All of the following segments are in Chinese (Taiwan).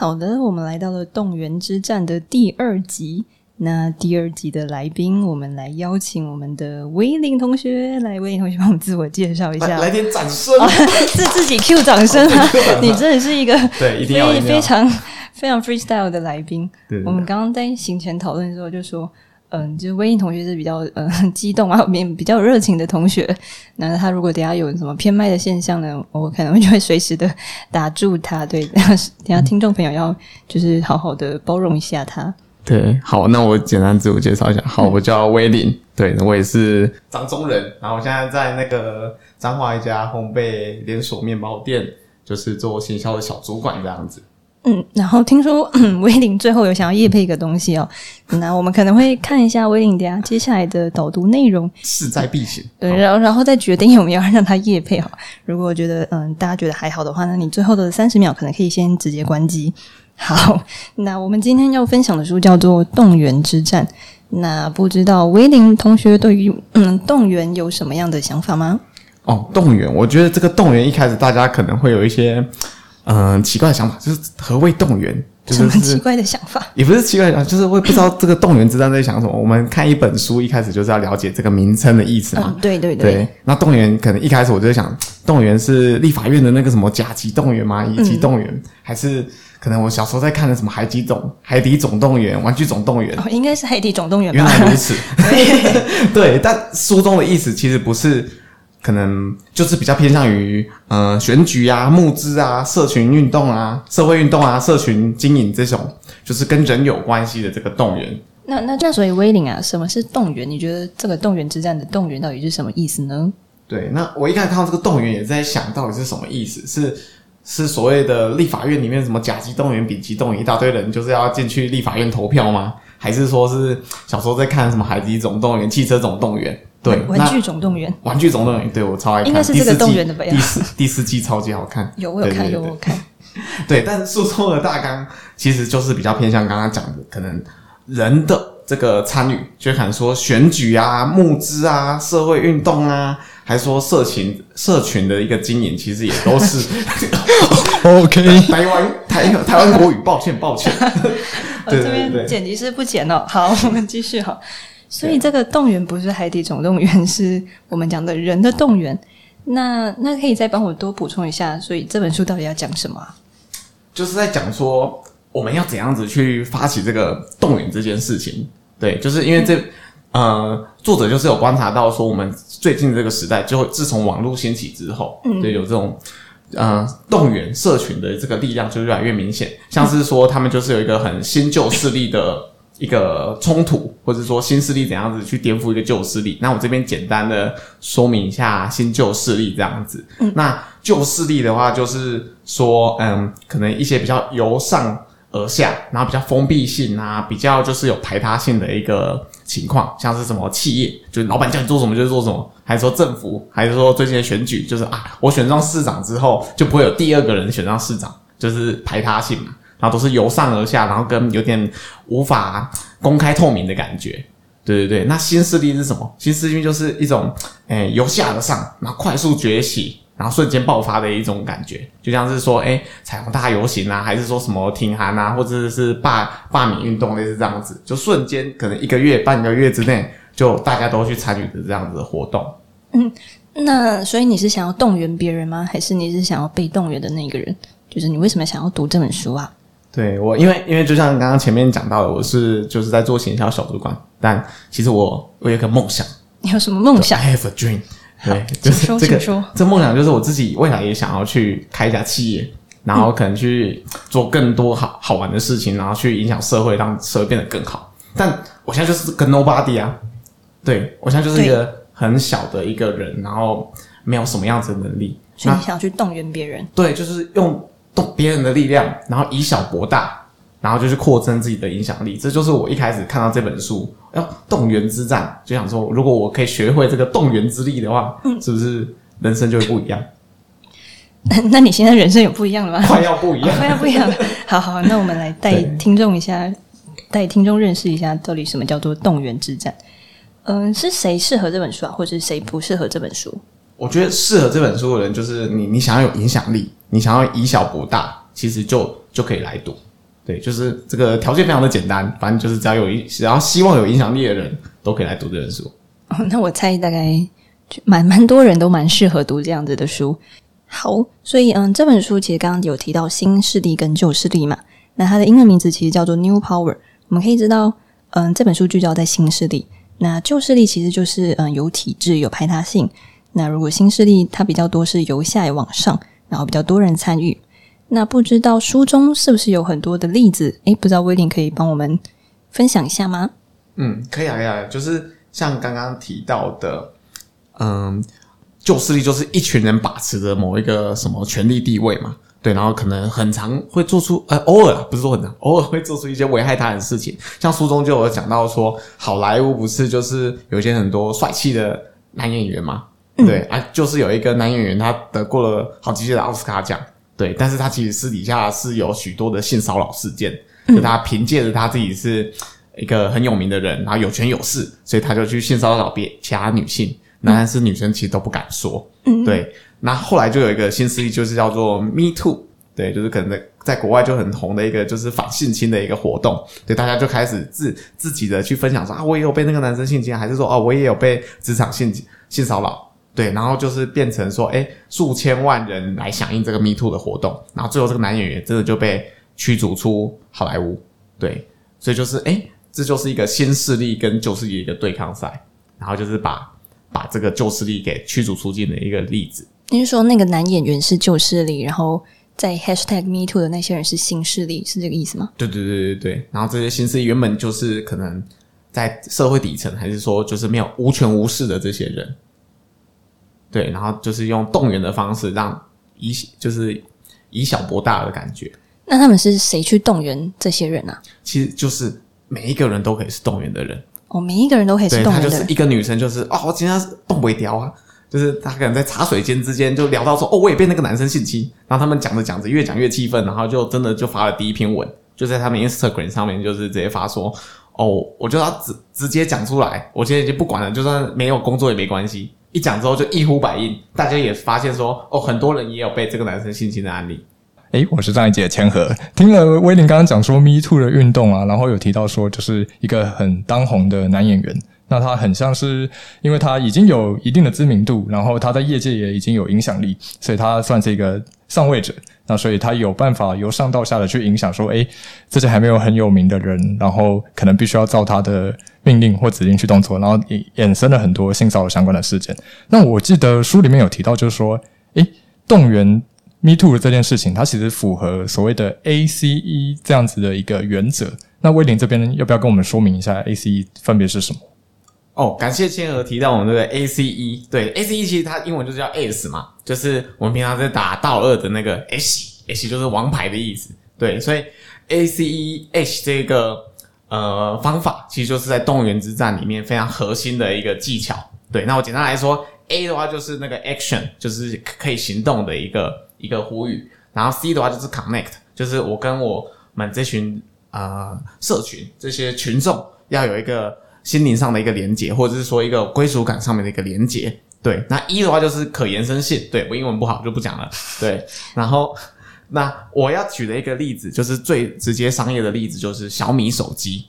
好的，我們來到了《動員之戰》的第二集。那第二集的來賓，我們來邀請我們的威霖同學來。威霖同學，幫我們自我介紹一下，來，來點掌聲，啊、 自自己 Q 掌聲、哦、啊！你真的是一個非對一定要一定要，非常非常 freestyle 的來賓、啊。我們剛剛在行前討論的時候就說。嗯，就是威霖同學是比較嗯很激動啊，面比較熱情的同學，那他如果等下有什麼偏麥的現象呢，我可能就會隨時的打住他，對，等下聽眾朋友要就是好好的包容一下他。對，好，那我簡單自我介紹一下，好，我叫威霖、嗯、對，我也是張中人，然後我現在在那個彰化一家烘焙連鎖麵包店，就是做行銷的小主管這樣子。嗯，然後聽說、嗯、威霖最後有想要業配一個東西哦，那我們可能會看一下威霖家接下來的導讀內容，勢在必行。對，然後然後再決定有沒有要讓他業配好、哦，如果覺得嗯大家覺得還好的話，那你最後的三十秒可能可以先直接關機。好，那我們今天要分享的書叫做《動員之戰》，那不知道威霖同學對於嗯動員有什麼樣的想法嗎？哦，動員，我覺得這個動員一開始大家可能會有一些。嗯，奇怪的想法就是何謂動員？是就是很奇怪的想法？也不是奇怪，的想法，就是我也不知道這個動員之戰在想什麼。 我們看一本書，一開始就是要了解這個名稱的意思嘛？嗯、對對對,對。那動員可能一開始我就在想，動員是立法院的那個什麼甲級動員嗎？乙級動員、嗯、還是可能我小時候在看的什麼海底總海底總動員、玩具總動員？哦、應該是海底總動員吧。原來如此。 對，對，對， 對，但書中的意思其實不是。可能就是比較偏向於呃、選舉啊、募資啊、社群運動啊、社會運動啊、社群經營這種，就是跟人有關係的這個動員。那那那所以威霖啊，什麼是動員？你覺得這個動員之戰的動員到底是什麼意思呢？對，那我一開始看到這個動員，也在想到底是什麼意思？是是所謂的立法院裡面什麼甲級動員、丙級動員一大堆人，就是要進去立法院投票嗎？還是說是小時候在看什麼《海底總動員》《汽車總動員》？對，玩具總動員。玩具總動員，對我超愛看。應該是這個動員的吧？第四第四， 第四季超級好看。有我有看，對對對有我有看。對，對 但是說錯了大綱，其實就是比較偏向剛剛講的，可能人的這個參與，就可能說選舉啊、募資啊、社會運動啊，還說社群社群的一個經營，其實也都是 OK。台灣台台灣國語，抱 歉抱歉。抱歉 我這邊剪輯師不剪了。好，我們繼續哈。所以這個動員不是海底總動員，是我們講的人的動員。那那可以再幫我多補充一下，所以這本書到底要講什麼？啊？就是在講說我們要怎樣子去發起這個動員這件事情。對，就是因為這、嗯、呃，作者就是有觀察到說，我們最近這個時代，就會自從網絡興起之後，對、嗯、就有這種呃動員社群的這個力量就越來越明顯，像是說他們就是有一個很新舊勢力的。一個衝突，或者說新勢力怎樣子去顛覆一個舊勢力？那我這邊簡單的說明一下新舊勢力這樣子。那舊勢力的話，就是說，嗯，可能一些比較由上而下，然後比較封閉性啊，比較就是有排他性的一個情況，像是什麼企業，就是老闆叫你做什麼就是做什麼，還是說政府，還是說最近的選舉，就是啊，我選上市長之後就不會有第二個人選上市長，就是排他性嘛。然後都是由上而下，然後跟有點無法公開透明的感覺，對對對。那新勢力是什麼？新勢力就是一種，哎、欸、由下而上，然後快速崛起，然後瞬間爆發的一種感覺，就像是說，哎彩虹大遊行啊，還是說什麼挺韓啊，或者是罷罷免運動類似這樣子，就瞬間可能一個月半個月之內，就大家都去參與的這樣子的活動。嗯，那所以你是想要動員別人嗎？還是你是想要被動員的那個人？就是你為什麼想要讀這本書啊？對我，因為因為就像剛剛前面講到的，我是就是在做行銷小主管，但其實我我有個夢想。你有什麼夢想？I have a dream。對，就是這個說。這夢想就是我自己未來也想要去開一家企業，然後可能去做更多好好玩的事情，然後去影響社會，讓社會變得更好。但我現在就是個 nobody 啊，對我現在就是一個很小的一個人，然後沒有什麼樣子的能力，所以你想要去動員別人。對，就是用。動別人的力量，然後以小博大，然後就去擴增自己的影響力。這就是我一開始看到這本書要《動員之戰》，就想說，如果我可以學會這個動員之力的話，嗯、是不是人生就會不一樣？ 那你現在人生有不一樣了嗎？快、 哦、要不一樣，快要不一樣。好好，那我們來帶聽眾一下，帶聽眾認識一下到底什麼叫做動員之戰。嗯、呃，是誰適合這本書啊？或者是誰不適合這本書？我覺得適合這本書的人，就是你，你想要有影響力。你想要以小博大，其實就就可以來讀，對，就是這個條件非常的簡單，反正就是只要有一，只要希望有影響力的人都可以來讀這本書。哦，那我猜大概蠻蠻多人都蠻適合讀這樣子的書。好，所以嗯，這本書其實剛剛有提到新勢力跟舊勢力嘛，那它的英文名字其實叫做 New Power。我們可以知道，嗯，這本書聚焦在新勢力，那舊勢力其實就是嗯有體制有排他性。那如果新勢力它比較多是由下往上，然後比較多人參與，那不知道書中是不是有很多的例子？誒，不知道威霖可以幫我們分享一下嗎？嗯，可以啊，可以啊，就是像剛剛提到的，嗯，舊勢力就是一群人把持着某一個什麼權力地位嘛，對，然後可能很常會做出，呃，偶爾不是說很常，偶爾會做出一些危害他人事情。像書中就有講到說，好萊塢不是就是有一些很多帥氣的男演員嗎？嗯、對啊，就是有一個男演員，他得過了好幾屆的奧斯卡獎，對，但是他其實私底下是有許多的性騷擾事件，嗯、就他憑借着他自己是一個很有名的人，然後有權有勢，所以他就去性騷擾別其他女性，但、嗯、是女生其實都不敢說，嗯、對。那後，後來就有一個新勢力，就是叫做 Me Too，對，就是可能在在國外就很紅的一個就是反性侵的一個活動，對，大家就開始自自己的去分享說啊，我也有被那個男生性侵，還是說哦、啊，我也有被職場性性騷擾。對，然後就是變成說，誒，數千萬人來響應這個 Me Too 的活動，然後最後這個男演員真的就被驅逐出好萊塢。對，所以就是，哎，這就是一個新勢力跟舊勢力的一個對抗賽，然後就是把把這個舊勢力給驅逐出境的一個例子。你是說那個男演員是舊勢力，然後在 Hashtag Me Too 的那些人是新勢力，是這個意思嗎？對對對對對。然後這些新勢力原本就是可能在社會底層，還是說就是沒有無權無勢的這些人。對，然後就是用動員的方式，讓以就是以小博大的感覺。那他們是誰去動員這些人呢、啊？其實就是每一個人都可以是動員的人哦，每一個人都可以是動員的人。就是一個女生，就是哦，我今天是動不了啊，就是她可能在茶水間之間就聊到說哦，我也被那個男生性侵。然後他們講着講着越講越氣憤，然後就真的就發了第一篇文，就在他們 Instagram 上面就是直接發說哦，我就要直直接講出來，我今天已經不管了，就算沒有工作也沒關係。一講之後就一呼百應，大家也發現說哦，很多人也有被這個男生性侵的案例。誒、欸、我是張怡姐的千和，聽了威霖剛剛講說 Me Too 的運動啊，然後有提到說就是一個很當紅的男演員。那他很像是，因為他已經有一定的知名度，然後他在業界也已經有影響力，所以他算是一個上位者。那所以他有辦法由上到下的去影響，說，哎、欸，這些還沒有很有名的人，然後可能必須要照他的命令或指令去動作，然後引衍生了很多性騷擾相關的事件。那我記得書裡面有提到，就是說，誒、欸，動員 Me Too 的這件事情，它其實符合所謂的 ACE 這樣子的一個原則。那威霖這邊要不要跟我們說明一下 ACE 分別是什麼？哦，感謝千和提到我們這個 A C E。對，A C E 其實它英文就是叫 S 嘛，就是我們平常在打道二的那個 S，S 就是王牌的意思。對，所以 A C E H 這個呃方法，其實就是在動員之戰裡面非常核心的一個技巧。對，那我簡單來說，A 的話就是那個 Action，就是可以行動的一個一個呼籲。然後 C 的話就是 Connect，就是我跟我們這群呃社群這些群眾要有一個。心靈上的一個連接，或者是說一個歸屬感上面的一個連接。對，那一的話就是可延伸性。對，我英文不好就不講了。對，然後那我要舉的一個例子，就是最直接商業的例子，就是小米手機。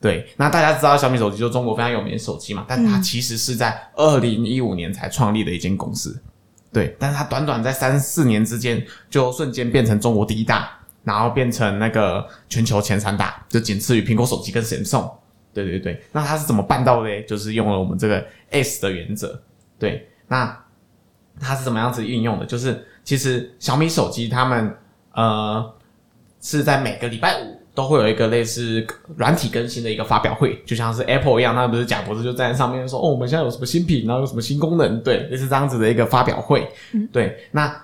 對，那大家知道小米手機就中國非常有名的手機嘛，但它其實是在二零一五年才創立的一間公司。嗯、對，但是它短短在三四年之間就瞬間變成中國第一大，然後變成那個全球前三大，就僅次於蘋果手機跟三星。對對對，那他是怎麼辦到的？就是用了我們這個 S 的原則。對，那他是怎麼樣子運用的？就是其實小米手機他們呃是在每個禮拜五都會有一個類似軟體更新的一個發表會，就像是 Apple 一樣，那不是賈伯斯就在上面說哦，我們現在有什麼新品，然後有什麼新功能？對，類似這樣子的一個發表會。嗯、對，那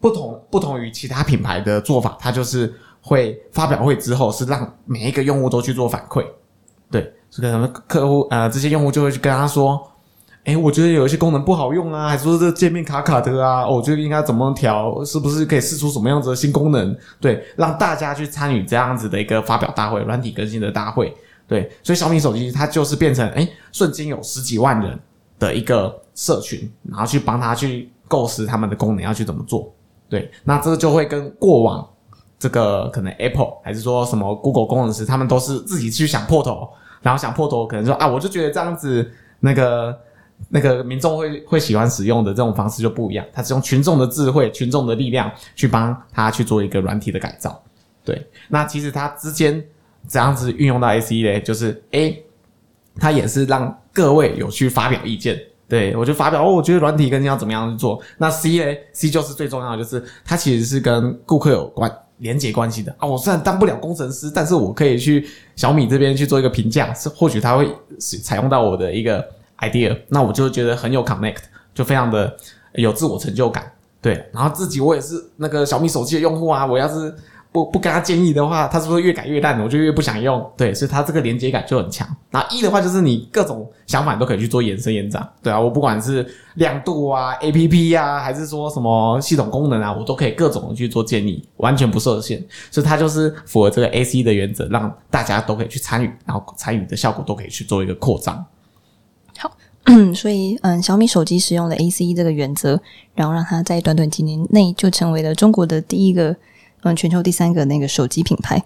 不同不同於其他品牌的做法，它就是會發表會之後是讓每一個用戶都去做反饋。對，這個什麼客戶啊、呃，這些用戶就會去跟他說：“誒，我覺得有一些功能不好用啊，還是說這界面卡卡的啊？我覺得應該怎麼調？是不是可以試出什麼樣子的新功能？對，讓大家去參與這樣子的一個發表大會、軟體更新的大會。對，所以小米手機它就是變成誒，瞬間有十幾萬人的一個社群，然後去幫他去構思他們的功能要去怎麼做。對，那這個就會跟過往這個可能 Apple 還是說什麼 Google 工程師，他們都是自己去想破頭。”然後想破頭，可能說啊，我就覺得這樣子，那個那個民眾會會喜歡使用的這種方式就不一樣，他是用群眾的智慧、群眾的力量去幫他去做一個軟體的改造。對，那其實他之間怎樣子運用到 ACE 呢，就是 A，他也是讓各位有去發表意見。對，我就發表哦，我覺得軟體更要怎麼樣去做？那 C 呢？C 就是最重要的，就是它其實是跟顧客有關。連接關係的啊，我雖然當不了工程師，但是我可以去小米這邊去做一個評價，是或許他會採用到我的一個 idea，那我就覺得很有 connect，就非常的有自我成就感，對，然後自己我也是那個小米手機的用戶啊，我要是。不不跟他建議的話，他是不是越改越爛？我就越不想用。對，所以它這個連接感就很強。然後一的話就是你各種想法都可以去做延伸延展。對啊，我不管是亮度啊、A P P 啊，還是說什麼系統功能啊，我都可以各種的去做建議，完全不設限。所以它就是符合這個 ACE 的原則，讓大家都可以去參與，然後參與的效果都可以去做一個擴張。好，所以嗯，小米手機使用的 ACE 這個原則，然後讓它在短短幾年內就成為了中國的第一個。嗯，全球第三個那個手機品牌。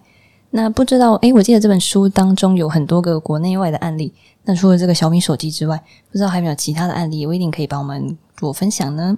那不知道哎，我記得這本書當中有很多個國內外的案例。那除了這個小米手機之外，不知道還有沒有其他的案例，威霖可以幫我們做分享呢？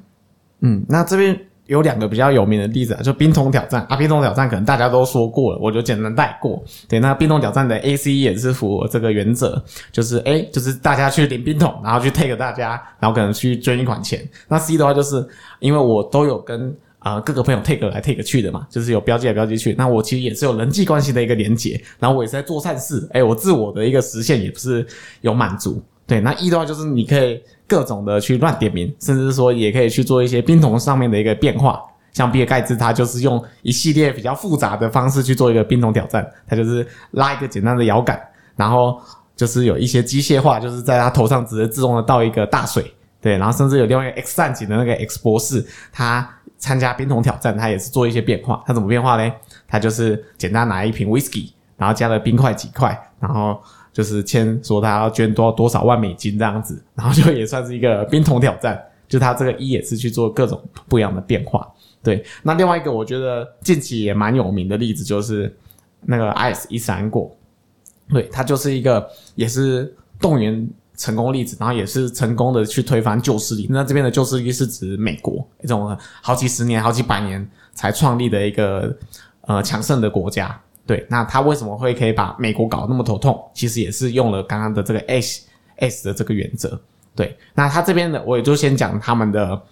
嗯，那這邊有兩個比較有名的例子，啊，就冰桶挑戰啊，冰桶挑戰可能大家都說過了，我就簡單帶過。對，那冰桶挑戰的 ACE 也是符合這個原則，就是哎，就是大家去淋冰桶，然後去 take 大家，然後可能去捐一款錢。那 C 的話，就是因為我都有跟。啊，各個朋友 take 來 take 去的嘛，就是有標記來標記去。那我其實也是有人際關係的一個連接，然後我也是在做善事。哎，我自我的一個實現也不是有滿足。對，那一的話就是你可以各種的去亂點名，甚至是說也可以去做一些冰桶上面的一個變化。像比爾蓋茨他就是用一系列比較複雜的方式去做一個冰桶挑戰，他就是拉一個簡單的搖桿，然後就是有一些機械化，就是在他頭上直接自動的倒一個大水。對，然後甚至有另外一個 X 戰警的那個 X 博士，他。參加冰桶挑戰，他也是做一些變化。他怎麼變化呢？他就是簡單拿一瓶 whisky，然後加了冰塊幾塊，然後就是簽說他要捐多多少萬美金這樣子，然後就也算是一個冰桶挑戰。就他這個一也是去做各種不一樣的變化。對，那另外一個我覺得近期也蠻有名的例子就是那個 Ice 一閃過，對，他就是一個也是動員。成功例子，然後也是成功的去推翻舊勢力。那這邊的舊勢力是指美國這種好幾十年、好幾百年才創立的一個呃強盛的國家。對，那他為什麼會可以把美國搞那麼頭痛？其實也是用了剛剛的這個 S S 的這個原則。對，那他這邊的我也就先講他們的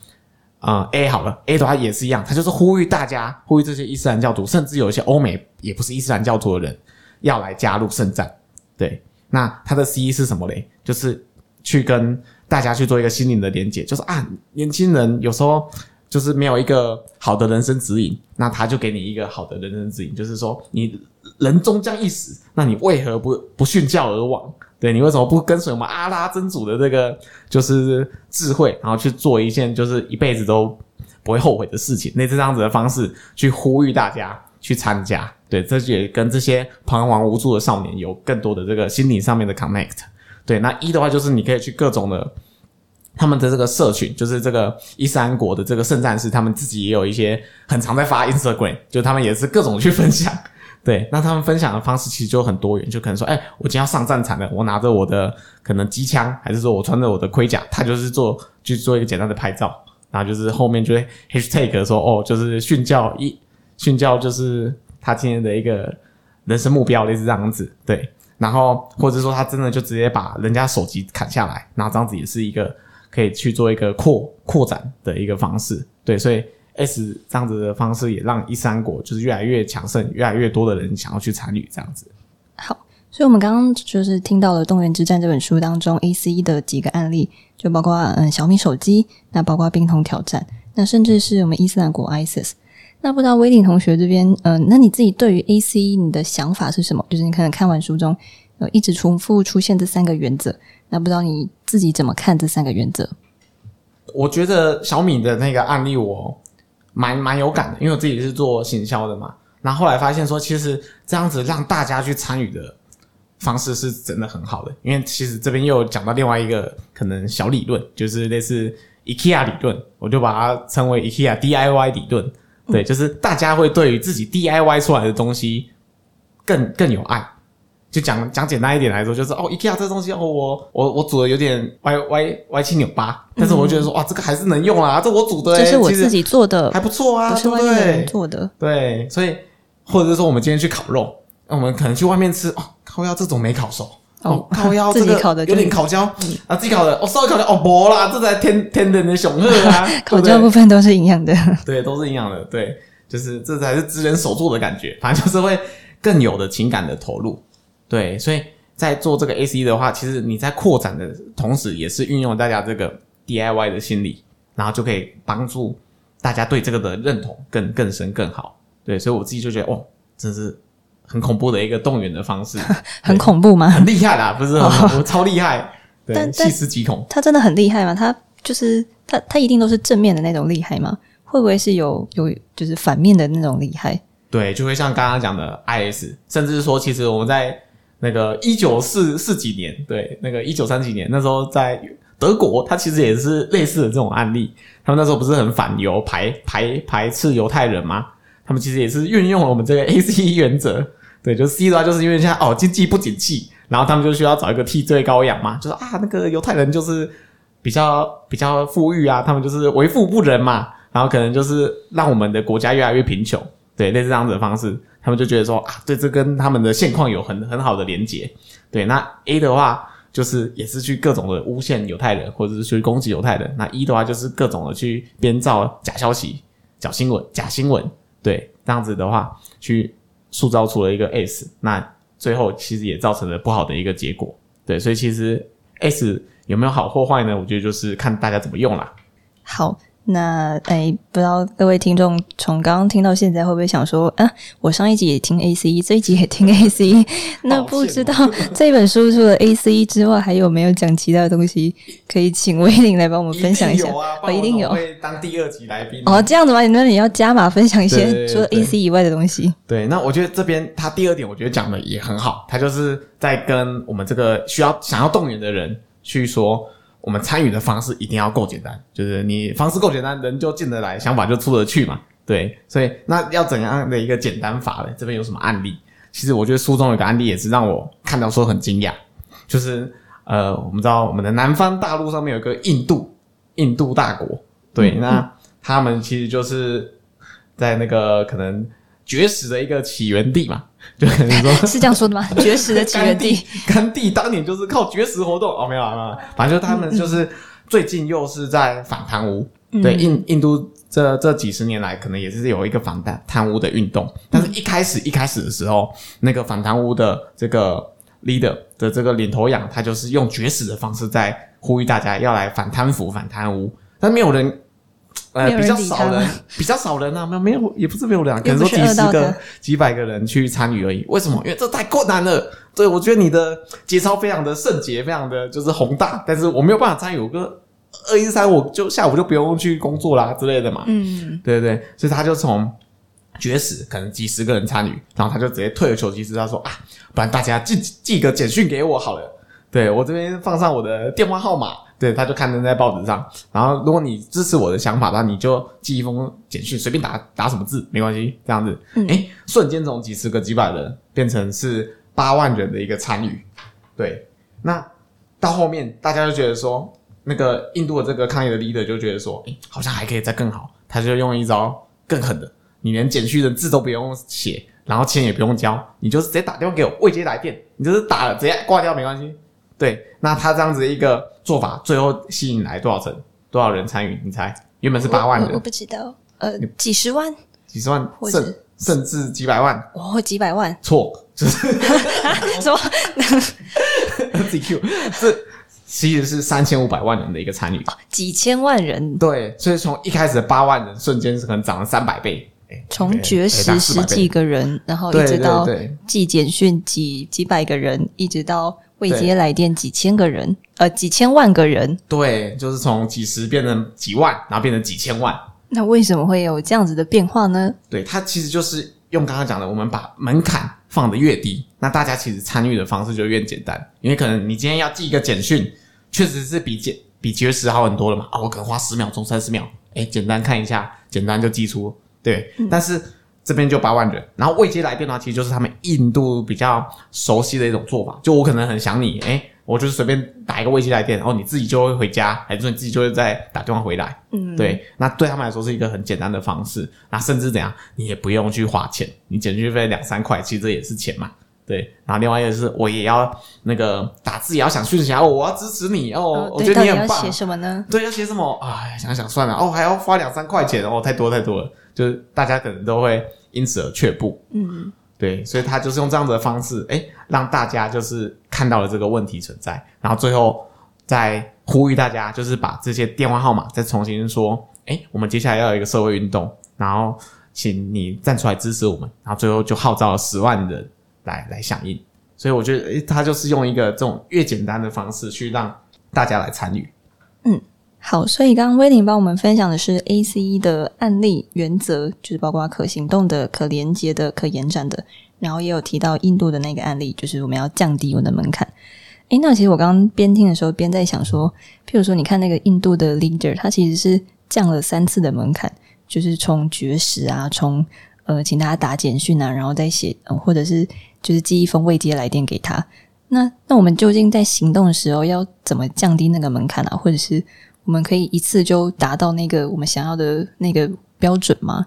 呃 A 好了，A 的話也是一樣，他就是呼籲大家，呼籲這些伊斯蘭教徒，甚至有一些歐美也不是伊斯蘭教徒的人，要來加入聖戰。對。那他的意 e 是什麼嘞？就是去跟大家去做一個心靈的連接，就是啊，年輕人有時候就是沒有一個好的人生指引，那他就給你一個好的人生指引，就是說你人終將一死，那你為何不不殉教而亡？對，你為什麼不跟隨我們阿拉真主的這個就是智慧，然後去做一件就是一輩子都不會後悔的事情？那這樣子的方式去呼籲大家去參加。對，這也跟這些彷徨無助的少年有更多的這個心理上面的 connect。對，那一的話就是你可以去各種的他們的這個社群，就是這個伊斯蘭國的這個聖戰士，他們自己也有一些很常在發 Instagram，就他們也是各種去分享。對，那他們分享的方式其實就很多元，就可能說，哎、欸，我今天要上戰場了，我拿着我的可能機槍，還是說我穿着我的盔甲，他就是做去、就是、做一個簡單的拍照，然後就是後面就會 hashtag 說，哦，就是訓教一訓教就是。.他今天的一個人生目標類似這樣子，對，然後或者說他真的就直接把人家手機砍下來，那這樣子也是一個可以去做一個擴擴展的一個方式，對，所以 S 這樣子的方式也讓伊斯蘭國就是越來越強盛，越來越多的人想要去參與這樣子。好，所以我們剛剛就是聽到了《動員之戰》這本書當中 AC 的幾個案例，就包括嗯小米手機，那包括冰桶挑戰，那甚至是我們伊斯蘭國 ISIS。那不知道威霖同學這邊，嗯，那你自己對於 ACE 你的想法是什麼？就是你可能看完書中，呃，一直重複出現這三個原則。那不知道你自己怎麼看這三個原則？我覺得小米的那個案例我蠻蠻有感的，因為我自己是做行銷的嘛。那後來發現說，其實這樣子讓大家去參與的方式是真的很好的。因為其實這邊又講到另外一個可能小理論，就是類似 IKEA 理論，我就把它稱為 IKEA DIY 理論。對，就是大家會對於自己 DIY 出來的東西更更有愛。就講講簡單一點來說，就是哦，IKEA 這東西，哦、我我我煮的有點歪歪、歪七扭八，但是我就覺得說，哇，這個還是能用啊，這個、我煮的、欸，這是我自己做的，還不錯啊，對，做的。對，所以或者是說，我們今天去烤肉，那我們可能去外面吃，哦，烤鴨這種沒烤熟。哦，烤腰，自己烤的，這個、有點烤焦、嗯、啊，自己烤的，我、哦、稍微烤的，哦，沒啦，這才天天然的雄鵝啊 對對！烤焦部分都是營養的，對，都是營養的，對，就是這才是職人手做的感覺，反正就是會更有的情感的投入，對，所以在做這個 ACE 的話，其實你在擴展的同時，也是運用大家這個 D I Y 的心理，然後就可以幫助大家對這個的認同更更深更好，對，所以我自己就覺得，哇、哦，真是。很恐怖的一個動員的方式， 很恐怖嗎？很厲害啦，啊，不是很恐怖，oh. 超厲害，對，但細思極恐。他真的很厲害嗎？他就是他，他一定都是正面的那種厲害嗎？會不會是有有就是反面的那種厲害？對，就會像剛剛講的 IS，甚至說其實我們在那個一九四四幾年，對，那個一九三幾年那時候在德國，他其實也是類似的這種案例。他們那時候不是很反猶排排排斥猶太人嗎？他們其實也是運用了我們這個 A C E 原則，對，就 C 的話，就是因為現在哦經濟不景氣，然後他們就需要找一個替罪羔羊嘛，就說啊那個猶太人就是比較比較富裕啊，他們就是為富不仁嘛，然後可能就是讓我們的國家越來越貧窮，對，類似這樣子的方式，他們就覺得說啊，對，這跟他們的現況有很很好的連結，對，那 A 的話就是也是去各種的誣陷猶太人或者是去攻擊猶太人，那 E 的話就是各種的去編造假消息、假新聞、假新聞。對，這樣子的話，去塑造出了一個 S，那最後其實也造成了不好的一個結果。對，所以其實 S 有沒有好或壞呢？我覺得就是看大家怎麼用啦，好。那哎、欸，不知道各位聽眾從剛剛聽到現在，會不會想說啊，我上一集也聽 A C，這一集也聽 A C， 喔、那不知道這本書除了 A C 之外， 還有沒有講其他的東西？可以請威霖來幫我們分享一下，我一定有、啊，我會當第二集來賓。哦，這樣子嗎？那你要加碼分享一些除了 A C 以外的東西。對，那我覺得這邊他第二點，我覺得講的也很好，他就是在跟我們這個需要想要動員的人去說。我們參與的方式一定要夠簡單，就是你方式夠簡單，人就進得來，想法就出得去嘛。對，所以那要怎樣的一個簡單法呢？這邊有什麼案例？其實我覺得書中有個案例也是讓我看到說很驚訝，就是呃，我們知道我們的南方大陸上面有一個印度，印度大國，對，嗯，那他們其實就是在那個可能絕食的一個起源地嘛。就你說 是這樣說的嗎？絕食的起源 地，甘地當年就是靠絕食活動。哦，沒有啊，反正就他們、嗯、就是最近又是在反貪污。嗯、對，印印度這這幾十年來，可能也是有一個反貪貪污的運動。但是一開始一開始的時候，那個反貪污的這個 leader 的這個領頭羊，他就是用絕食的方式在呼籲大家要來反貪腐、反貪污，但沒有人。呃，比較少人，比較少人啊，沒有沒有，也不是沒有人、啊，可能說幾十個、幾百個人去參與而已。為什麼？因為這太困難了。對，我覺得你的節操非常的聖潔，非常的就是宏大，但是我沒有辦法參與。我二一三，我就下午就不用去工作啦、啊、之類的嘛。嗯，對對對，所以他就從絕食，可能幾十個人參與，然後他就直接退而求其次，他說啊，不然大家寄寄個簡訊給我好了，對，我這邊放上我的電話號碼。對，他就刊登在報紙上。然後，如果你支持我的想法的話，你就寄一封簡訊，隨便打打什麼字沒關係，這樣子。嗯，哎，瞬間從幾十個幾百人變成是八萬人的一個參與。對，那到後面，大家就覺得說，那個印度的這個抗議的 leader 就覺得說，哎，好像還可以再更好。他就用一招更狠的，你連簡訊的字都不用寫，然後錢也不用交，你就是直接打電話給我，未接來電，你就是打了直接掛掉沒關係。對，那他這樣子一個做法，最後吸引來多少人？多少人參與？你猜？原本是八萬人，我不知道。呃，幾十萬，幾十萬，甚甚至幾百萬。哦，幾百萬？錯，就是哈 什麼？GQ 是其實是三千五百萬人的一個參與，啊，幾千萬人。對，所以從一開始的八萬人，瞬間是可能漲了三百倍，從絕食，欸欸，十幾個人，然後一直到寄簡訊幾幾百個人，一直到。未接來電幾千個人，呃，幾千萬個人。對，就是從幾十變成幾萬，然後變成幾千萬。那為什麼會有這樣子的變化呢？對，它其實就是用剛剛講的，我們把門檻放得越低，那大家其實參與的方式就越越簡單。因為可能你今天要寄一個簡訊，確實是比簡比絕食好很多了嘛。啊、哦，我可能花十秒鐘、三十秒，誒簡單看一下，簡單就寄出。對，嗯、但是。這邊就八萬人，然後未接來電的話，其實就是他們印度比較熟悉的一種做法。就我可能很想你，誒、欸、我就是隨便打一個未接來電，然、哦、後你自己就會回家，還是說你自己就會再打電話回來。嗯，對，那對他們來說是一個很簡單的方式。那甚至怎樣，你也不用去花錢，你簡訊費兩三塊，其實這也是錢嘛。對，然後另外一個是，我也要那個打字，也要想訊息啊、哦，我要支持你哦、呃，我覺得你很棒。寫什麼呢？對，要寫什麼？哎，想想算了，哦，還要花兩三塊錢，哦，太多太多了。就是大家可能都會因此而卻步，嗯，對，所以他就是用這樣子的方式，哎，讓大家就是看到了這個問題存在，然後最後再呼籲大家，就是把這些電話號碼再重新說，哎，我們接下來要有一個社會運動，然後請你站出來支持我們，然後最後就號召了十萬人來來響應，所以我覺得，誒，他就是用一個這種越簡單的方式去讓大家來參與。好，所以剛剛威霖幫我們分享的是 A C E 的案例原則，就是包括可行動的、可連接的、可延展的，然後也有提到印度的那個案例，就是我們要降低我的門檻。誒，那其實我剛剛邊聽的時候邊在想說，譬如說你看那個印度的 leader，他其實是降了三次的門檻，就是從絕食啊，從呃請大家打簡訊啊，然後再寫，嗯、或者是就是寄一封未接來電給他。那那我們究竟在行動的時候要怎麼降低那個門檻啊？或者是？我們可以一次就達到那個我們想要的那個標準嗎？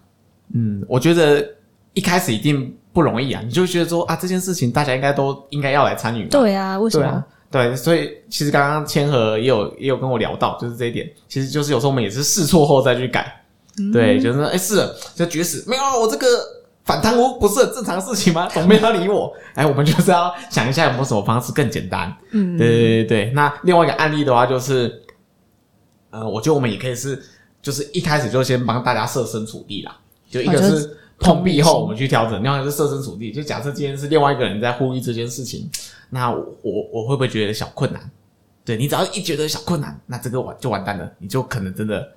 嗯，我覺得一開始一定不容易啊！你就覺得說啊，這件事情大家應該都應該要來參與嘛。對啊，為什麼？對，所以其實剛剛謙和也有也有跟我聊到，就是這一點，其實就是有時候我們也是試錯後再去改。嗯、對，就是哎試、欸、了就絕死，沒有我這個反貪汙不是很正常事情嗎？總沒有理我，哎、 欸，我們就是要想一下有沒有什麼方式更簡單。嗯，對對對對。那另外一個案例的話就是。呃，我覺得我們也可以是，就是一開始就先幫大家設身處地啦。就一個是碰壁後，後我們去調整，另外一個是設身處地。就假設今天是另外一個人在呼籲這件事情，那我我，我會不會覺得小困難？對，你只要一覺得小困難，那這個完就完蛋了，你就可能真的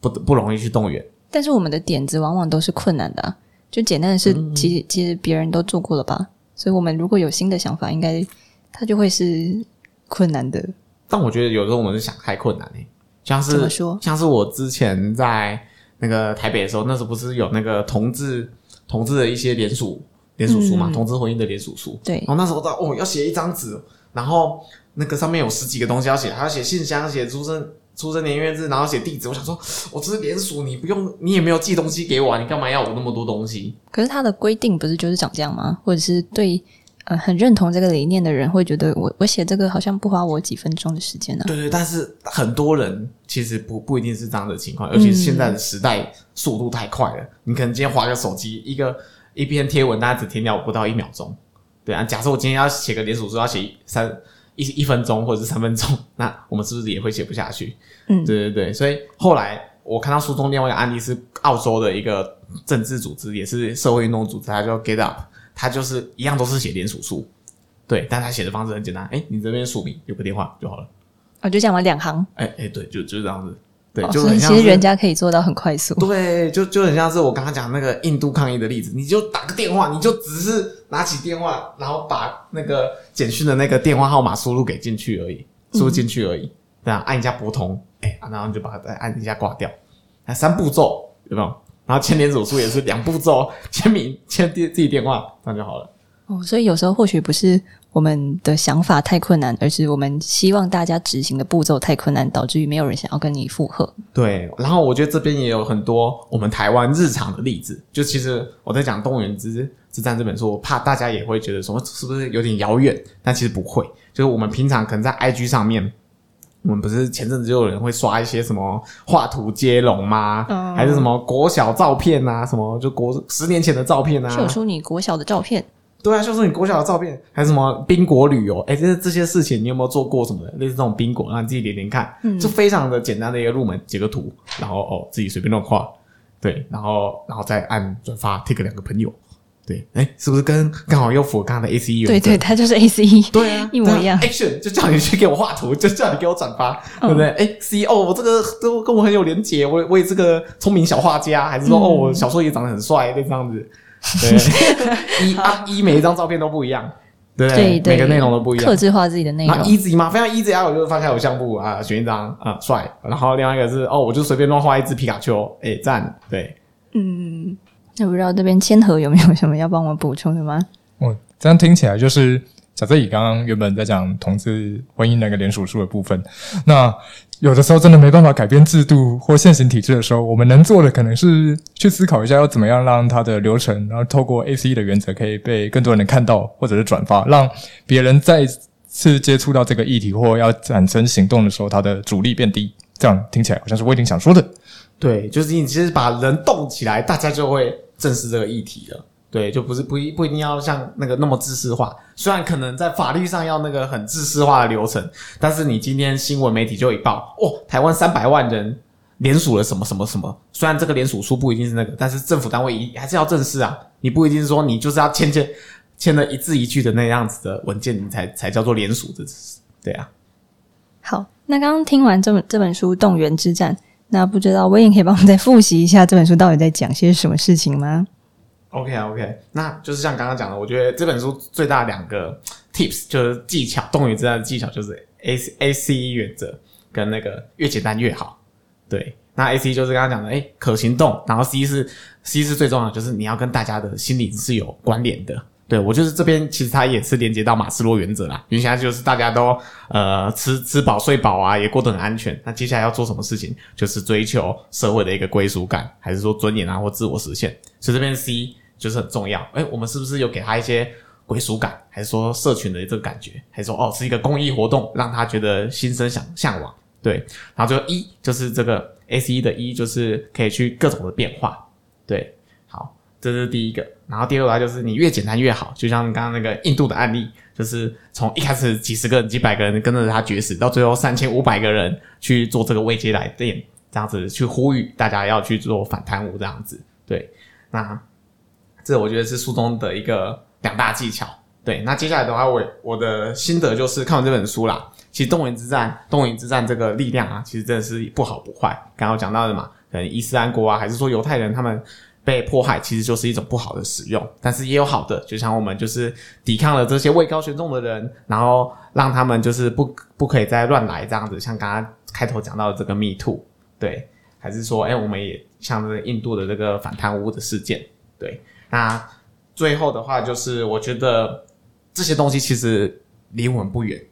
不不容易去動員。但是我們的點子往往都是困難的、啊，就簡單的事，其實其實別人都做過了吧嗯嗯？所以我們如果有新的想法，應該它就會是困難的。但我覺得有時候我們是想太困難了、欸。像是像是我之前在那個台北的時候，那時候不是有那個同志同志的一些聯署聯署書嘛、嗯，同志婚姻的聯署書。對，然後那時候到哦，要寫一張紙，然後那個上面有十幾個東西要寫，還要寫信箱，寫出生出生年月日，然後寫地址。我想說，我只是聯署，你不用，你也沒有寄東西給我、啊，你幹嘛要我那麼多東西？可是他的規定不是就是長這樣嗎？或者是對？呃，很認同這個理念的人會覺得我，我我寫這個好像不花我幾分鐘的時間呢、啊。對對，但是很多人其實不不一定是這樣的情況，尤其是現在的時代速度太快了，嗯、你可能今天滑個手機，一個一篇貼文，大家只停留不到一秒鐘。對啊，假設我今天要寫個連署書，要寫三一一分鐘或者是三分鐘，那我們是不是也會寫不下去？嗯，對對對。所以後來我看到書中另外一個案例是澳洲的一個政治組織，也是社會運動組織，它叫 Get Up。他就是一樣都是寫連署書，對，但他寫的方式很簡單，哎、欸，你這邊署名有個電話就好了，啊、哦、就講完兩行，哎、欸、哎、欸，對，就就這樣子，對，哦、就很像是，哦、其實人家可以做到很快速，對，就就很像是我剛剛講那個印度抗議的例子，你就打個電話，你就只是拿起電話，然後把那個簡訊的那個電話號碼輸入給進去而已，輸入進去而已，這、嗯、樣按一下撥通，哎、欸，然後你就把它再按一下掛掉，哎，三步驟，有沒有？然後簽連署書也是兩步驟，簽名、簽自己電話，這樣就好了。哦，所以有時候或許不是我們的想法太困難，而是我們希望大家執行的步驟太困難，導致於沒有人想要跟你附和。對，然後我覺得這邊也有很多我們台灣日常的例子。就其實我在講《動員之之戰》這本書，我怕大家也會覺得說是不是有點遙遠，但其實不會。就是我們平常可能在 IG 上面。我們不是前陣子就有人會刷一些什麼畫圖接龍嗎、嗯？還是什麼國小照片啊？什麼就國十年前的照片啊？秀出你國小的照片，對啊，秀出你國小的照片，還有什麼賓果旅遊？哎、欸，這這些事情你有沒有做過什麼的？類似這種賓果，讓你自己連連看、嗯，就非常的簡單的一個入門，截個圖，然後哦自己隨便亂畫，對，然後然後再按轉發，貼給兩個朋友。對，哎、欸，是不是跟剛好又符合剛剛的 A C E 原則？對，對，對，他就是 A C E， 對啊，一模一樣。啊、Action 就叫你去給我畫圖，就叫你給我轉發、哦，對不對？哎、欸、，C O、哦、我這個都跟我很有連結，我我也這個聰明小畫家，還是說、嗯、哦，我小時候也長得很帥，就這樣子。對 E 啊 E，每一張照片都不一樣，對，對對對每個內容都不一樣，客製化自己的內容。Easy 嘛，非常 Easy 啊，我就是翻開我項目啊，選一張啊帥，然後另外一個是哦，我就隨便亂畫一隻皮卡丘，哎、欸，讚，對，嗯。那不知道這邊千和有沒有什麼要幫我補充的嗎？哦，這樣聽起來就是假設你剛剛原本在講同志婚姻那個聯署書的部分，那有的時候真的沒辦法改變制度或現行體制的時候，我們能做的可能是去思考一下要怎麼樣讓它的流程，然後透過 ACE 的原則可以被更多人看到或者是轉發，讓別人再次接觸到這個議題或要產生行動的時候，它的阻力變低。這樣聽起來好像是我一定想說的。對，就是你其實把人動起來，大家就會。正視這個議題了，對，就不是不一不一定要像那個那麼制式化。雖然可能在法律上要那個很制式化的流程，但是你今天新聞媒體就一報，哦，台灣三百萬人聯署了什麼什麼什麼。雖然這個聯署書不一定是那個，但是政府單位一還是要正式啊。你不一定說你就是要簽簽簽了一字一句的那樣子的文件，你才才叫做聯署的，對啊。好，那剛剛聽完這本這本書《動員之戰》。那不知道威霖可以幫我們再複習一下這本書到底在講些什麼事情嗎？OK 啊 OK，那就是像剛剛講的，我覺得這本書最大兩個 tips 就是技巧，動員之戰的技巧就是 A A C 原則跟那個越簡單越好。對，那 A C 就是剛剛講的，哎、欸，可行動，然後 C 是 C 是最重要的，就是你要跟大家的心理是有關聯的。對，我就是這邊，其實它也是連接到馬斯洛原則啦。原先就是大家都呃吃吃飽睡飽啊，也過得很安全。那接下來要做什麼事情，就是追求社會的一個歸屬感，還是說尊嚴啊，或自我實現？所以這邊 C 就是很重要。哎，我們是不是有給他一些歸屬感，還是說社群的這個感覺，還是說哦是一個公益活動，讓他覺得心生想向往？對，然後就 E 就是這個 SE 的 E 就是可以去各種的變化。對，好，這是第一個。然後第二個就是你越簡單越好，就像剛剛那個印度的案例，就是從一開始幾十個人、幾百個人跟着他絕食，到最後三千五百個人去做這個未接來電，這樣子去呼籲大家要去做反貪污，這樣子。對，那這我覺得是書中的一個兩大技巧。對，那接下來的話我，我我的心得就是看完這本書啦。其實《動員之戰》《動員之戰》這個力量啊，其實真的是不好不壞。剛剛講到的嘛，可能伊斯蘭國啊，還是說猶太人他們。被迫害其實就是一種不好的使用，但是也有好的，就像我們就是抵抗了這些位高權重的人，然後讓他們就是不不可以再亂來這樣子。像剛剛開頭講到的這個 me too，對，還是說，哎、欸，我們也像這個印度的這個反貪污的事件，對。那最後的話就是，我覺得這些東西其實離我們不遠。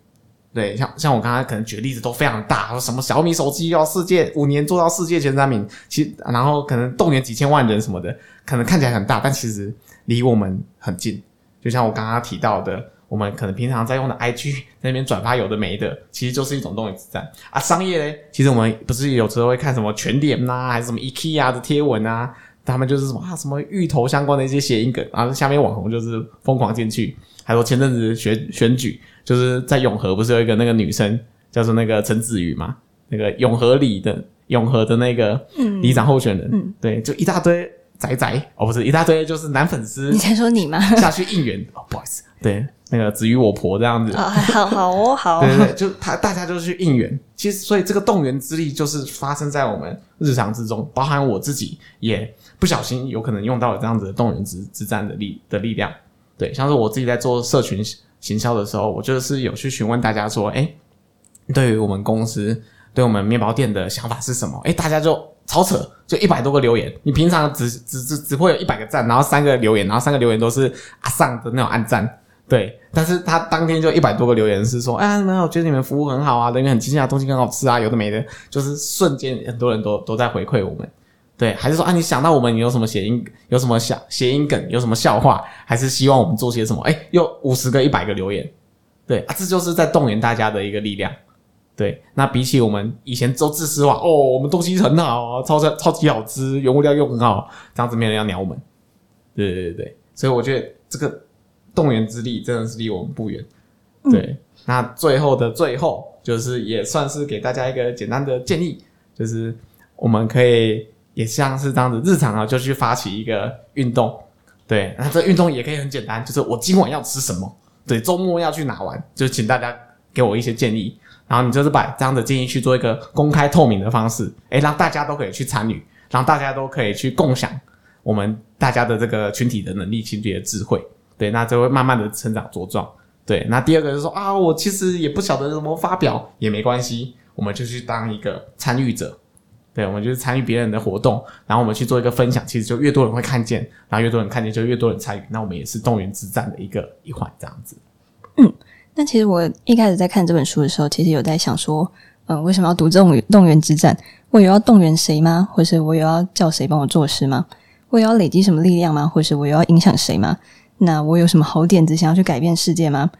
對，像像我剛才可能舉的例子都非常大，說什麼小米手機要世界五年做到世界前三名，其實然後可能動員幾千萬人什麼的，可能看起來很大，但其實離我們很近。就像我剛剛提到的，我們可能平常在用的 IG 那邊轉发有的沒的，其實就是一種動員之戰啊。商業呢，其實我們不是有時候會看什麼全聯吶、啊，還是什麼 IKEA 的貼文啊，他們就是什麼、啊、什麼芋頭相關的一些諧音梗，然後下面網紅就是瘋狂進去，還有前陣子選選舉。就是在永和不是有一個那個女生叫做那個陳子瑜嘛？那個永和里的永和的那個里長候選人，嗯嗯、對，就一大堆宅宅哦，不是一大堆，就是男粉絲。你在說你嗎？下去應援哦，不好意思，對，那個子瑜我婆這樣子，好、oh, 好好哦，好，對對，就他大家就去應援。其實，所以這個動員之力就是發生在我們日常之中，包含我自己也不小心有可能用到了這樣子的動員之之戰的力的力量。對，像是我自己在做社群。行銷的時候，我就是有去詢問大家說：“哎，對於我們公司，對我們麵包店的想法是什麼？”哎，大家就超扯，就一百多個留言。你平常只只只只會有一百個贊，然後三個留言，然後三個留言都是阿尚的那種暗贊。對，但是他當天就一百多個留言是說：“啊，那我覺得你們服務很好啊，人員很親切啊，東西很好吃啊，有的沒的，就是瞬間很多人都都在回饋我們。”對，還是說啊，你想到我們，你有什麼諧音，有什麼想諧音梗，有什麼笑話，還是希望我們做些什麼？哎，又五十個、一百個留言，對啊，這就是在動員大家的一個力量。對，那比起我們以前都自私化，哦，我們東西很好，超超超級好吃，原物料又很好，這樣子沒有人要鳥我們。對對對對，所以我覺得這個動員之力真的是離我們不遠。對，嗯、那最後的最後，就是也算是給大家一個簡單的建議，就是我們可以。也像是這樣子，日常啊就去發起一個運動，對，那這運動也可以很簡單，就是我今晚要吃什麼，對，週末要去哪玩？就請大家給我一些建議，然後你就是把這樣的建議去做一個公開透明的方式，哎、欸，讓大家都可以去參與，讓大家都可以去共享我們大家的這個群體的能力、群體的智慧，對，那就會慢慢的成長茁壯，對，那第二個就是說啊，我其實也不曉得怎麼發表，也沒關係，我們就去當一個參與者。對，我們就是參與別人的活動，然後我們去做一個分享，其實就越多人會看見，然後越多人看見，就越多人參與。那我們也是動員之戰的一個一環，這樣子。嗯，那其實我一開始在看這本書的時候，其實有在想說，嗯、呃，為什麼要讀這種動員之戰？我有要動員誰嗎？或是我有要叫誰幫我做事嗎？我有要累積什麼力量嗎？或是我有要影響誰嗎？那我有什麼好點子想要去改變世界嗎？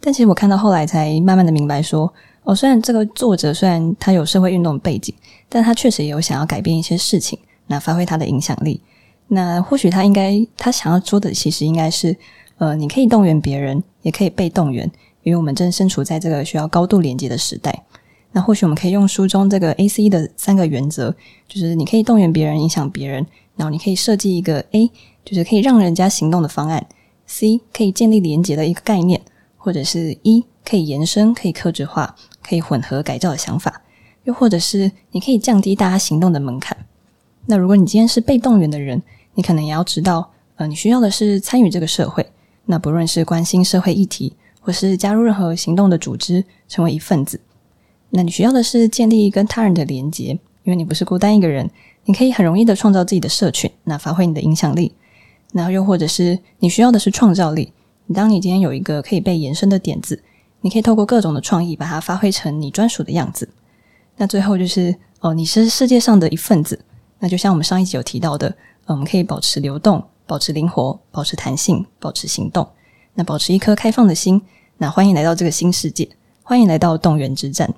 但其實我看到後來，才慢慢的明白說。哦，雖然這個作者雖然他有社會運動背景，但他確實也有想要改變一些事情，那發揮他的影響力。那或許他應該他想要做的其實應該是，呃，你可以動員別人，也可以被動員，因為我們正身處在這個需要高度連接的時代。那或許我們可以用書中這個 A C E 的三個原則，就是你可以動員別人，影響別人，然後你可以設計一個 A，就是可以讓人家行動的方案；C 可以建立連接的一個概念，或者是 E 可以延伸，可以客製化。可以混合改造的想法，又或者是你可以降低大家行動的門檻。那如果你今天是被動員的人，你可能也要知道，呃，你需要的是參與這個社會。那不論是關心社會議題，或是加入任何行動的組織，成為一份子。那你需要的是建立跟他人的連結，因為你不是孤單一個人，你可以很容易的創造自己的社群，那發揮你的影響力。然後又或者是你需要的是創造力，你當你今天有一個可以被延伸的點子。你可以透過各種的創意把它發揮成你專屬的樣子。那最後就是哦，你是世界上的一份子。那就像我們上一集有提到的，嗯、我們可以保持流動，保持靈活，保持彈性，保持行動。那保持一顆開放的心。那歡迎來到這個新世界，歡迎來到動員之戰。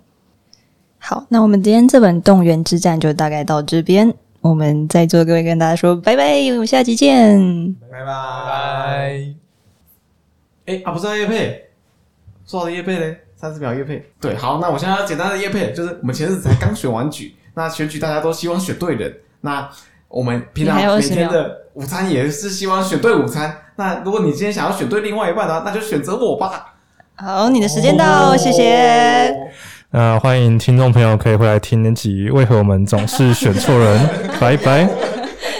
好，那我們今天這本《動員之戰》就大概到這邊。我們在座各位跟大家說拜拜，我們下集見。拜拜。哎，啊不是葉佩。做好的業配嘞，三十秒業配。對，好，那我現在要簡單的業配，就是我們前陣子才剛選完舉，那選舉大家都希望選對人，那我們平常每天的午餐也是希望選對午餐。那如果你今天想要選對另外一半的、啊、話，那就選擇我吧。好，你的時間到、哦，謝謝。那歡迎聽眾朋友可以回來聽那集。為何我們總是選錯人？ 拜拜。